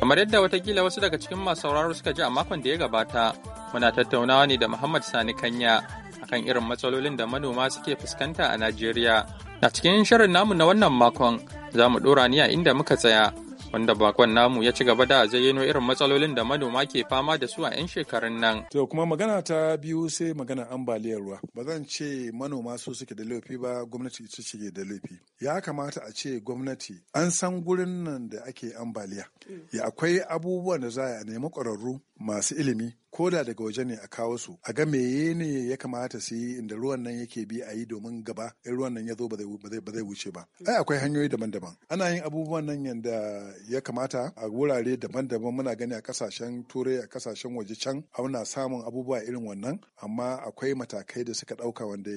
Kamar yadda watakila wasu daga cikin masu sauraro suka ji a makon da ya gabata, muna tattaunawa ne da Muhammad Sani Kanya akan irin matsalolin da manoma suke fuskanta a Najeriya. A cikin shirin namu na wannan makon, za mu ɗora ni a inda muka tsaya wanda bakon namu ya ci gaba da zayyano irin matsalolin da manoma ke fama da su a 'yan shekarun nan. To kuma magana ta biyu sai magana ambaliyar ruwa. Ba zan ce manoma su suke da laifi ba gwamnati ita ce da laifi. Ya kamata a ce gwamnati an san gurin nan da ake ambaliya. Mm. Ya akwai abubuwan da za a nemi ƙwararru masu ilimi Koda daga waje ne a kawo su a ga meye ne ya kamata su yi inda ruwan nan yake bi a yi domin gaba in ruwan nan ya zo ba zai wuce ba ai akwai hanyoyi daban-daban ana yin abubuwan nan yadda ya kamata a wurare daban-daban muna gani a kasashen turai a kasashen waje can auna samun abubuwa irin wannan amma akwai matakai da suka ɗauka wanda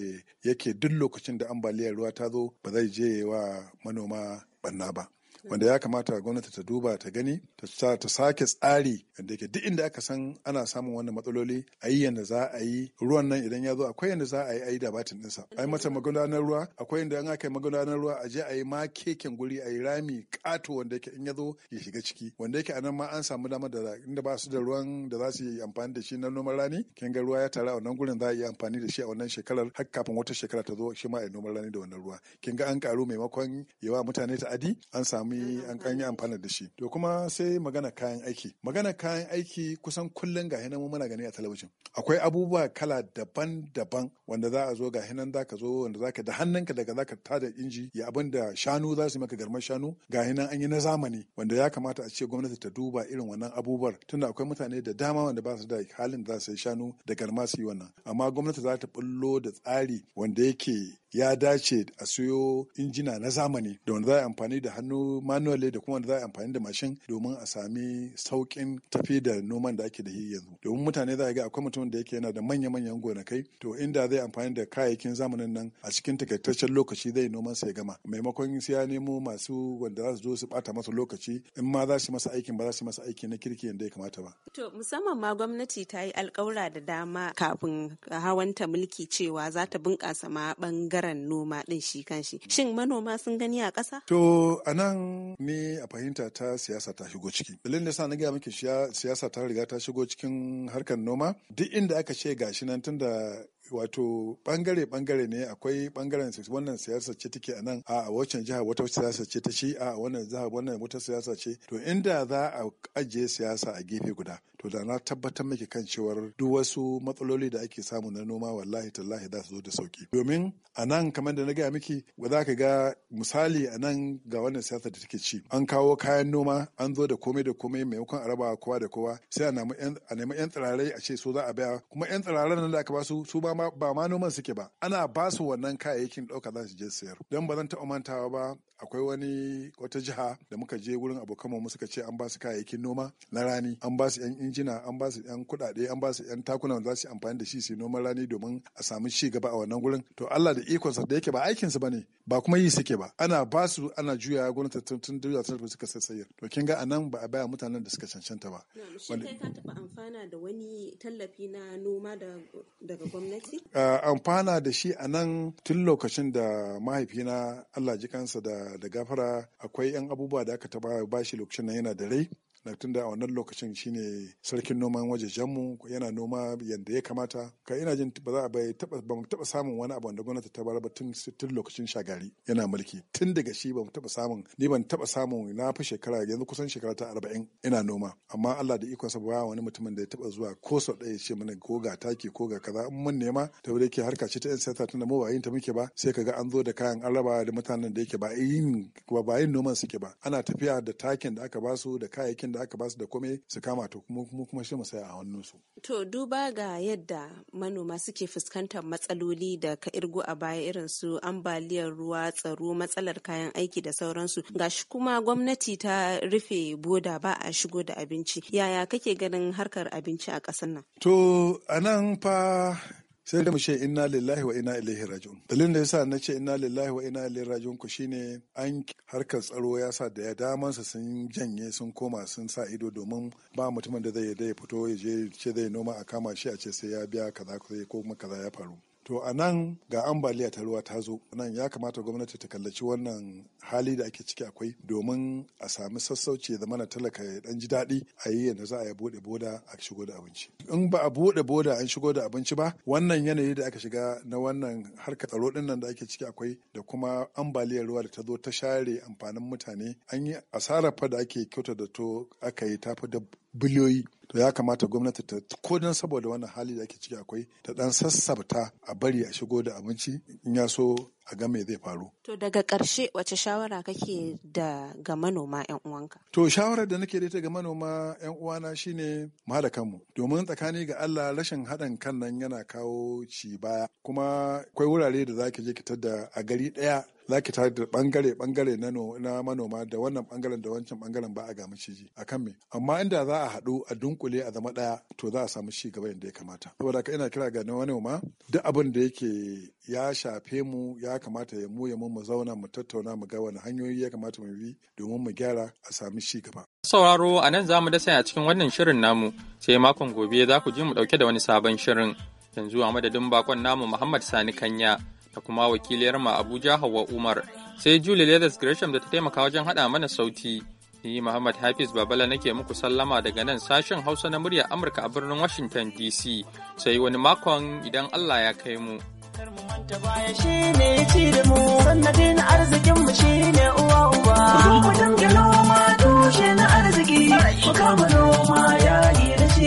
yake duk lokacin da ambaliyar ruwa ta zo ba zai je wa manoma banna ba wanda ya kamata gwamnati ta duba ta gani ta sake tsari da ke duk inda aka san ana samun wannan matsaloli a yi yanda za a yi ruwan nan idan ya zo akwai yanda za a yi a yi dabatin ɗinsa a yi mata magudanar ruwa akwai inda an aka yi magudanar ruwa a je a yi ma keken guri a yi rami ƙato wanda yake in ya zo ya shiga ciki wanda yake a nan ma an samu damar da inda ba su da ruwan da za su yi amfani da shi na noman rani kin ga ruwa ya tara a wannan gurin za a yi amfani da shi a wannan shekarar har kafin wata shekara ta zo shi ma a yi noman rani da wannan ruwa kin ga an karu maimakon yawa mutane ta'adi an samu an kan yi amfana da shi to kuma sai magana kayan aiki magana kayan aiki kusan kullum ga hinan muna gani a talabijin akwai abubuwa kala daban-daban wanda za a zo ga hinan za ka zo wanda za ka da hannunka daga za ka tada inji ya abin da shanu za su maka garmar shanu ga hinan an yi na zamani wanda ya kamata a ce gwamnati ta duba irin wannan abubuwar tunda akwai mutane da dama wanda ba su da halin da za su yi shanu da garma su yi wannan amma gwamnati za ta bullo da tsari wanda yake ya dace a siyo injina na zamani da wanda za a amfani da hannu manuale da kuma wanda za a amfani da mashin domin a sami sauƙin tafi da noman da ake da yanzu domin mutane za a ga akwai mutumin da yake yana da manya-manyan gonakai to inda zai amfani da kayayyakin zamanin nan a cikin takaitaccen lokaci zai noman sai gama maimakon sai ya nemo masu wanda za su zo su bata masa lokaci in ma za su masa aikin ba za su masa aiki na kirki yadda ya kamata ba. To musamman ma gwamnati ta yi alkawura da dama kafin hawanta mulki cewa za ta bunƙasa ma bangaren ɓangaren noma ɗin shi kanshi shin manoma sun gani a ƙasa? to anan ni a fahimta ta siyasa ta shigo ciki dalilin da sa na gaya miki siyasa ta riga ta shigo cikin harkar noma duk inda aka ce gashi nan tunda wato bangare-bangare ne akwai bangaren wannan siyasa ce take a nan a wancan jiha wata siyasa ce ta shi a wannan jiha wannan wata siyasa ce to inda za a ajiye siyasa a gefe guda to da na tabbatar miki kan cewar duk wasu matsaloli da ake samu na noma wallahi tallahi za su zo da sauki domin a nan kamar da na gaya miki ba za ka ga misali a nan ga wannan siyasa da take ci an kawo kayan noma an zo da komai da komai maimakon a rabawa kowa da kowa sai a nemi yan tsirarai a ce so za a baya kuma yan tsiraran nan da aka basu su ba ma noman suke ba ana ba su wannan kayayyakin ɗauka za su je sayar don ba zan taɓa mantawa ba akwai wani wata jiha da muka je wurin abokanmu mu suka ce an ba su kayayyakin noma na rani an ba su yan injina an ba su yan kuɗaɗe an ba su yan takuna wanda za su amfani da shi su noman rani domin a samu ci gaba a wannan gurin to Allah da ikonsa da yake ba aikin su bane ba kuma yi suke ba ana ba su ana juya gurin tattun duniya ta suka sassayar to kin ga anan ba a baya mutanen da suka cancanta ba shi kai ka taɓa amfana da wani tallafi na noma daga gwamnati amfana da shi anan tun lokacin da mahaifina Allah ji kansa da da gafara akwai 'yan abubuwa da aka taba bashi lokacin nan yana da rai na tunda a wannan lokacin shine sarkin noman waje jammu yana noma yadda ya kamata ka ina jin ba za a bai taba taba samun wani abu wanda gwamnati ta bar ba tun tun lokacin shagari yana mulki tun daga shi ba mu taba samun ni ban taba samun na fi shekara yanzu kusan shekara ta arba'in ina noma amma Allah da ikonsa ba wani mutumin da ya taba zuwa ko sau ɗaya ce mana ko ga taki ko ga kaza in mun nema ta wuri ke harka ce ta yan sata tunda mu ba yin ta muke ba sai ka ga an zo da kayan an raba da mutanen da yake ba yin ba yin noman suke ba ana tafiya da takin da aka basu da kayayyakin da aka basu da kome su kama to kuma kuma shi mu a hannunsu. To duba ga yadda manoma suke fuskantar matsaloli da ka irgo a baya irin su ambaliyar ruwa tsaro matsalar kayan aiki da sauransu gashi kuma gwamnati ta rufe boda ba a shigo da abinci yaya kake ganin harkar abinci a ƙasar nan. To anan fa sai da mu ce inna lillahi wa inna ilaihi raji'un dalilin da yasa na ce inna lillahi wa inna ilaihi raji'un ku shine an harkar tsaro ya sa da ya su sun janye sun koma sun sa ido domin ba mutumin da zai ya fito ya je ce zai noma a kama shi a ce sai ya biya kaza ko kuma kaza ya faru to a nan ga ambaliya ta ruwa ta zo nan ya kamata gwamnati ta kallaci wannan hali da ake ciki akwai domin a sami sassauci da mana talaka ya dan ji daɗi a yi yadda za a yi bude boda a shigo da abinci in ba a buɗe boda an shigo da abinci ba wannan yanayi da aka shiga na wannan harkar tsaro ɗin nan da ake ciki akwai da kuma ambaliyar ruwa da ta zo ta share amfanin mutane an yi asarar fa da ake kyauta da to aka yi tafi da biliyoyi to ya kamata gwamnati ta ko dan saboda wannan hali da ake ciki akwai ta dan sassabta a bari a shigo da abinci in ya so a ga me zai faru. To daga ƙarshe wace shawara kake da ga manoma 'yan uwanka? To shawarar da nake da ita ga manoma 'yan uwana shine mu haɗa kanmu. Domin tsakani ga Allah rashin haɗin kan nan yana kawo ci baya. Kuma akwai wurare da zaki je ki tada a gari ɗaya za ki tare da bangare bangare na manoma da wannan bangaren da wancan bangaren ba a ga maciji a kan me amma inda za a haɗu a dunkule a zama ɗaya to za a samu ci gaba yadda ya kamata saboda ka ina kira ga manoma duk abin da yake ya shafe mu ya ya kamata ya mu ya mu zauna mu tattauna mu ga wani hanyoyi ya kamata mu bi domin mu gyara a sami ci gaba. Sauraro a nan za mu dasa a cikin wannan shirin namu sai makon gobe za ku ji mu ɗauke da wani sabon shirin. Yanzu a madadin bakon namu Muhammad Sani Kanya da kuma wakiliyar mu Abuja Hauwa Umar sai Julie Leathers Gresham da ta taimaka wajen haɗa mana sauti. Ni Muhammad Hafiz Babala nake muku sallama daga nan sashen Hausa na muryar Amurka a birnin Washington DC sai wani makon idan Allah ya kai mu. Da baya shi ne ya ci da mu, sannadin arzikinmu shi ne uwa uba. Mu dinga noma tushe na arziki, mu noma yayi da